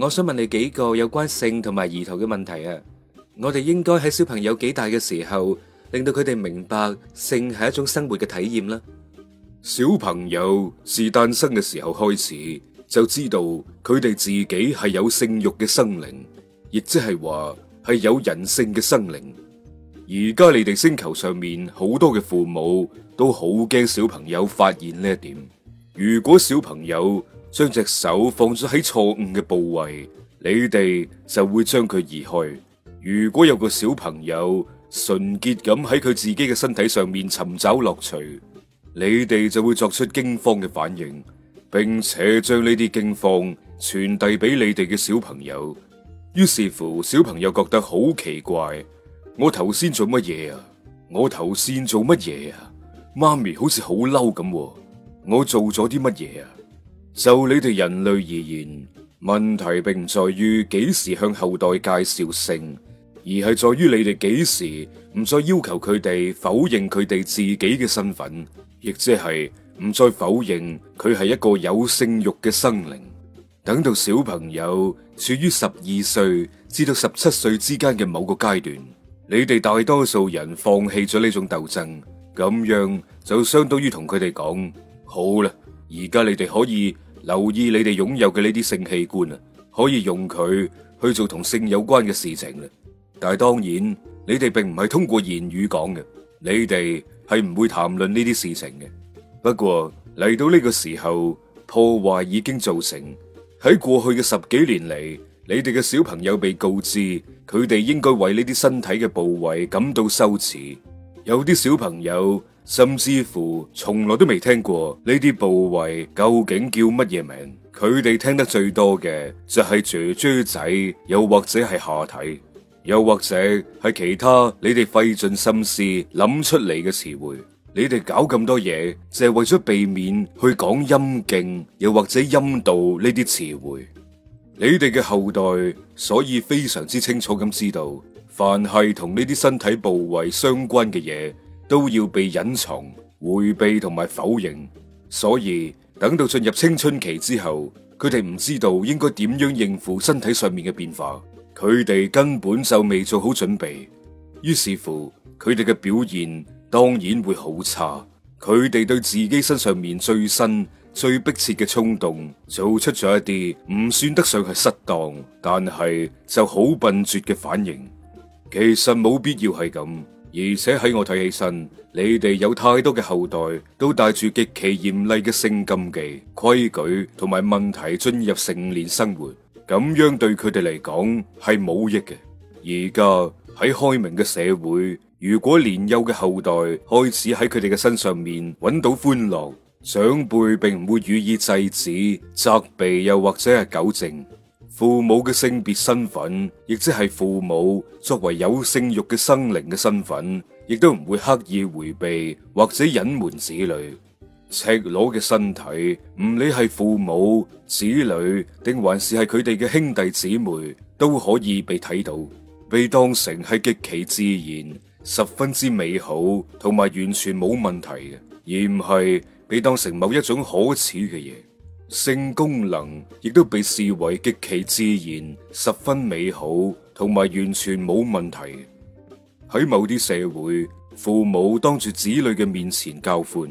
我想問你幾個有關性同埋兒童嘅問題啊？我哋應該喺小朋友幾大嘅時候，令到佢哋明白性係一種生活嘅體驗啦。小朋友自誕生嘅時候開始，就知道佢哋自己係有性慾嘅生靈，亦即係話係有人性嘅生靈。而家你哋星球上面好多嘅父母都好驚小朋友發現呢一點。如果小朋友，將隻手放咗喺錯誤嘅部位，你哋就會將佢移去。如果有個小朋友純潔咁喺佢自己嘅身體上面尋找樂趣，你哋就會作出驚慌嘅反應，並且將呢啲驚慌傳遞俾你哋嘅小朋友。於是乎，小朋友覺得好奇怪，我頭先做乜嘢啊？我頭先做乜嘢啊？媽咪好似好嬲咁，我做咗啲乜嘢啊？就你哋人類而言，問題並唔在於幾時向後代介紹性，而係在於你哋幾時唔再要求佢哋否認佢哋自己嘅身份，亦即係唔再否認佢係一個有性欲嘅生靈。等到小朋友處於十二歲至到十七歲之間嘅某個階段，你哋大多數人放棄咗呢種鬥爭，咁樣就相當於同佢哋講：好啦，而家你哋可以。留意你哋擁有嘅呢啲性器官啊，可以用佢去做同性有關嘅事情啦。但係當然，你哋並唔係通過言語講嘅，你哋係唔會談論呢啲事情嘅。不過嚟到呢個時候，破壞已經造成。喺過去嘅十幾年嚟，你哋嘅小朋友被告知，佢哋應該為呢啲身體嘅部位感到羞恥。有啲小朋友。甚至乎從來都未聽過呢啲部位究竟叫乜嘢名？佢哋聽得最多嘅就係姐姐仔，又或者係下體，又或者係其他你哋費盡心思諗出嚟嘅詞彙。你哋搞咁多嘢就係為咗避免去講陰莖，又或者陰道呢啲詞彙。你哋嘅後代所以非常之清楚咁知道，凡係同呢啲身體部位相關嘅嘢，都要被隱藏、迴避同埋否認，所以等到進入青春期之後，佢哋唔知道應該點樣應付身體上面嘅變化，佢哋根本就未做好準備，於是乎佢哋嘅表現當然會好差。佢哋對自己身上面最新、最迫切嘅衝動，做出咗一啲唔算得上係失當，但係就好笨拙嘅反應。其實冇必要係咁。而且喺我睇起身，你哋有太多嘅後代都帶住極其嚴厲嘅性禁忌規矩同埋問題進入成年生活，咁樣對佢哋嚟講係冇益嘅。而家喺開明嘅社會，如果年幼嘅後代開始喺佢哋嘅身上面搵到歡樂，長輩並唔會予以制止、責備又或者係糾正。父母嘅性別身份，亦即係父母作為有性欲嘅生靈嘅身份，亦都唔會刻意回避，或者隱瞞子女。赤裸嘅身體，唔理係父母、子女,定還是係佢哋嘅兄弟姊妹,都可以被睇到。被當成係極其自然，十分之美好，同埋完全冇問題，而唔係被當成某一種可恥嘅嘢。性功能亦都被視為極其自然、十分美好同埋完全冇問題。喺某啲社會，父母當住子女嘅面前交歡，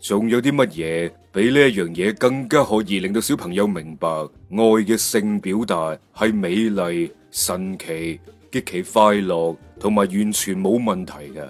仲有啲乜嘢比呢一樣嘢更加可以令到小朋友明白愛嘅性表達係美麗、神奇、極其快樂同埋完全冇問題嘅？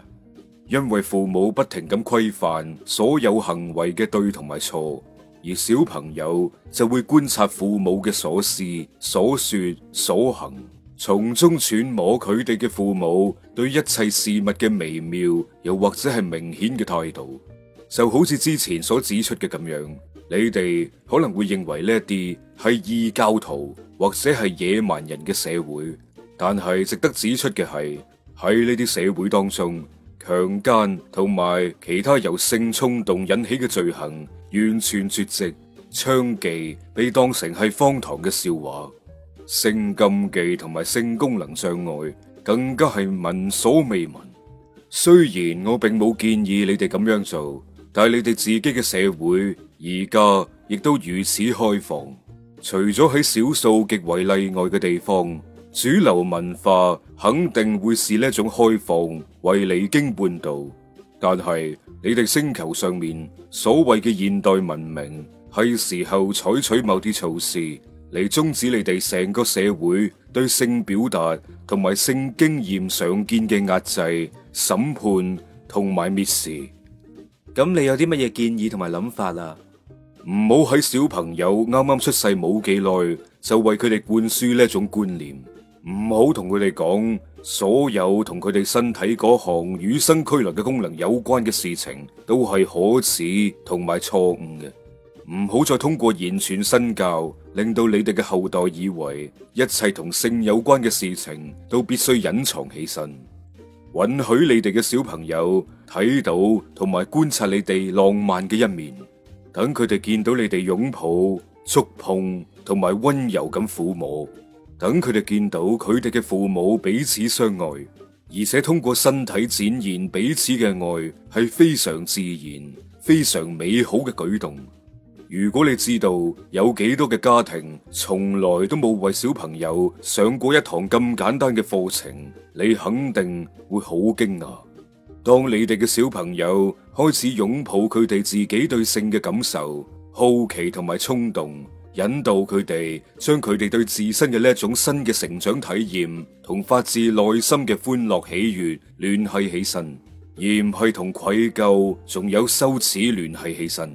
因為父母不停咁規範所有行為嘅對同埋錯。而小朋友就會觀察父母嘅所思、所說、所行，從中揣摩佢哋嘅父母對一切事物嘅微妙，又或者係明顯嘅態度。就好似之前所指出嘅咁樣，你哋可能會認為呢一啲係異教徒或者係野蠻人嘅社會。但係值得指出嘅係，喺呢啲社會當中，強姦同埋其他由性衝動引起嘅罪行。完全絕迹，娼妓被當成係荒唐嘅笑話，性禁忌同埋性功能障礙更加係聞所未聞。雖然我並冇建議你哋咁樣做，但係你哋自己嘅社會而家亦都如此開放。除咗喺少數極為例外嘅地方，主流文化肯定會視呢種開放為離經叛道，但係。你哋星球上面所謂嘅現代文明係時候採取某啲措施嚟，終止你哋成個社會對性表達同埋性經驗常見嘅壓制、審判同埋蔑視。咁你有啲乜嘢建議同埋諗法啊？唔好喺小朋友啱啱出世冇幾耐就為佢哋灌輸呢一種觀念。唔好同佢哋講所有同佢哋身體嗰項與生俱來嘅功能有關嘅事情都係可恥同埋錯誤嘅。唔好再通過言傳身教，令到你哋嘅後代以為一切同性有關嘅事情都必須隱藏起身。允許你哋嘅小朋友睇到同埋觀察你哋浪漫嘅一面，等佢哋見到你哋擁抱、觸碰同埋溫柔咁撫摸。等佢哋見到佢哋嘅父母彼此相愛，而且通過身體展現彼此嘅愛，係非常自然、非常美好嘅舉動。如果你知道有幾多嘅家庭從來都冇為小朋友上過一堂咁簡單嘅課程，你肯定會好驚訝。當你哋嘅小朋友開始擁抱佢哋自己對性嘅感受、好奇同埋衝動。引導佢哋將佢哋對自身嘅呢一種新嘅成長體驗，同發自內心嘅歡樂喜悦聯繫起身，而唔係同愧疚，仲有羞恥聯繫起身。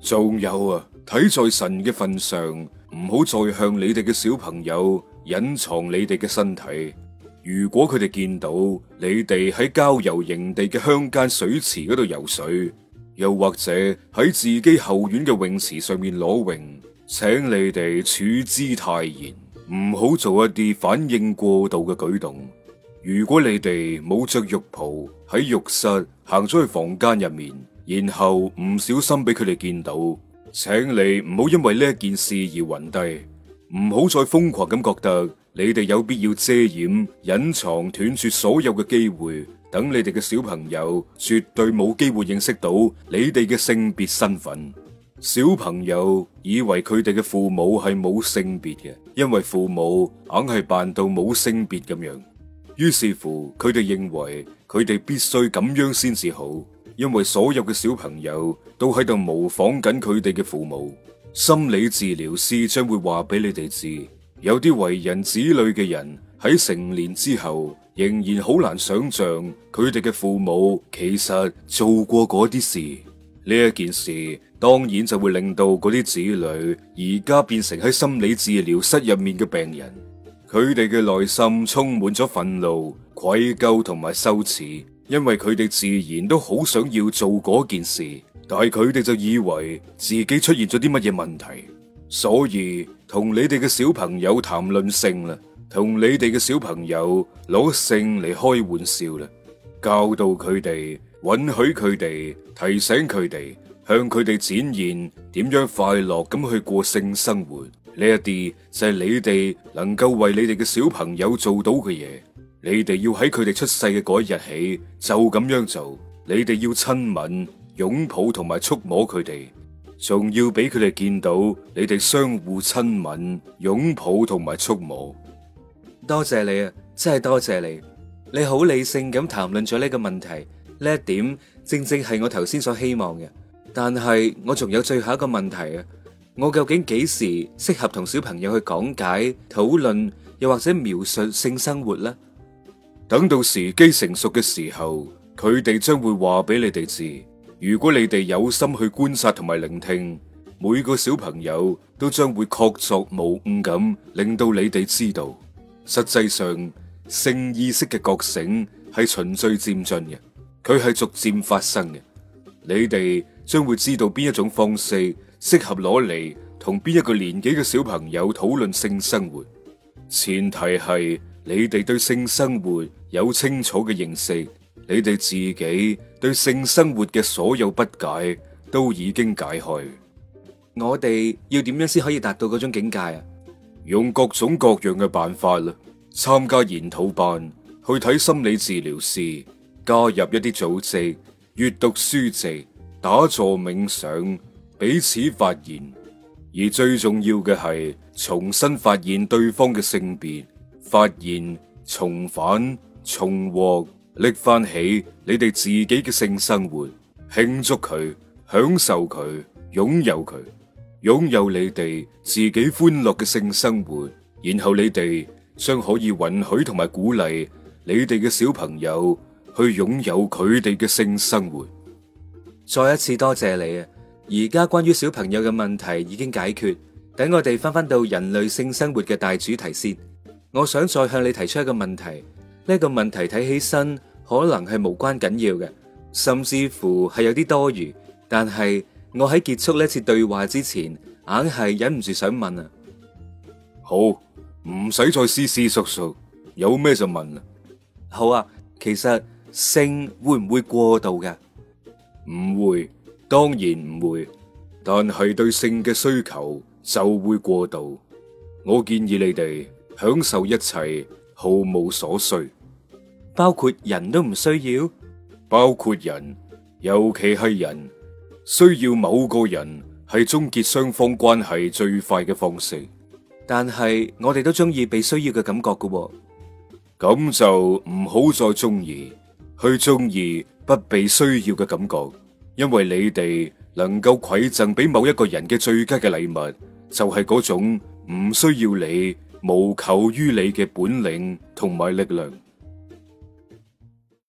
仲有啊，睇在神嘅份上，唔好再向你哋嘅小朋友隱藏你哋嘅身體。如果佢哋見到你哋喺郊遊營地嘅鄉間水池嗰度游水，又或者喺自己後院嘅泳池上面裸泳。請你哋處之泰然，唔好做一啲反應過度嘅舉動。如果你哋冇着浴袍喺浴室行咗去房間入面，然後唔小心俾佢哋見到，請你唔好因為呢件事而暈低，唔好再瘋狂咁覺得你哋有必要遮掩、隱藏、斷絕所有嘅機會，等你哋嘅小朋友絕對冇機會認識到你哋嘅性別身份。小朋友以為佢哋嘅父母係冇性別嘅，因為父母硬係扮到冇性別咁樣，於是乎，佢哋認為佢哋必須咁樣先至好，因為所有嘅小朋友都喺度模仿緊佢哋嘅父母。心理治療師將會話俾你哋知，有啲為人子女嘅人喺成年之後仍然好難想象佢哋嘅父母其實做過嗰啲事。呢一件事，當然就會令到嗰啲子女而家變成喺心理治療室入面嘅病人，佢哋嘅內心充滿咗憤怒、愧疚同埋羞恥，因為佢哋自然都好想要做嗰件事，但係佢哋就以為自己出現咗啲乜嘢問題，所以同你哋嘅小朋友談論性啦，同你哋嘅小朋友攞性嚟開玩笑啦，教導佢哋。允許佢哋，提醒佢哋，向佢哋展現點樣快樂咁去過性生活，呢一啲就係你哋能夠為你哋嘅小朋友做到嘅嘢。你哋要喺佢哋出世嘅嗰日起就咁樣做。你哋要親吻、擁抱同埋觸摸佢哋，仲要俾佢哋見到你哋相互親吻、擁抱同埋觸摸。多謝你啊，真係多謝你。你好理性咁談論咗呢個問題。呢一點正正係我頭先所希望嘅，但係我仲有最後一個問題啊。我究竟幾時適合同小朋友去講解、討論又或者描述性生活呢？等到時機成熟嘅時候，佢哋將會話俾你哋知。如果你哋有心去觀察同埋聆聽，每個小朋友都將會確鑿無誤咁令到你哋知道，實際上性意識嘅覺醒係循序漸進嘅。佢係逐漸發生嘅，你哋將會知道邊一種方式適合攞嚟同邊一個年紀嘅小朋友討論性生活。前提係你哋對性生活有清楚嘅認識，你哋自己對性生活嘅所有不解都已經解開。我哋要點樣先可以達到嗰種境界啊？用各種各樣嘅辦法啦，參加研討班，去睇心理治療師。加入一啲組織，閱讀書籍，打坐冥想，彼此發現。而最重要嘅係重新發現對方嘅性別，發現重返重獲，拎翻起你哋自己嘅性生活，慶祝佢，享受佢，擁有佢，擁有你哋自己歡樂嘅性生活。然後你哋將可以允許同埋鼓勵你哋嘅小朋友。去擁有佢哋嘅性生活。再一次多謝你啊！而家關於小朋友嘅問題已經解決，等我哋翻返到人類性生活嘅大主題先。我想再向你提出一個問題，呢個問題睇起身可能係無關緊要嘅，甚至乎係有啲多餘。但係我喺結束呢次對話之前，硬係忍唔住想問啊！好，唔使再思思熟熟，有咩就問啊！好啊，其實。性會唔會過度㗎？唔會，當然唔會。但係對性嘅需求就會過度。我建議你哋享受一切，毫無所需，包括人都唔需要。包括人，尤其係人，需要某個人係終結雙方關係最快嘅方式。但係我哋都中意被需要嘅感覺㗎喎。咁就唔好再中意，去中意不被需要嘅感覺，因為你哋能夠饋贈俾某一個人嘅最佳嘅禮物，就係、是、嗰種唔需要你、無求於你嘅本領同埋力量。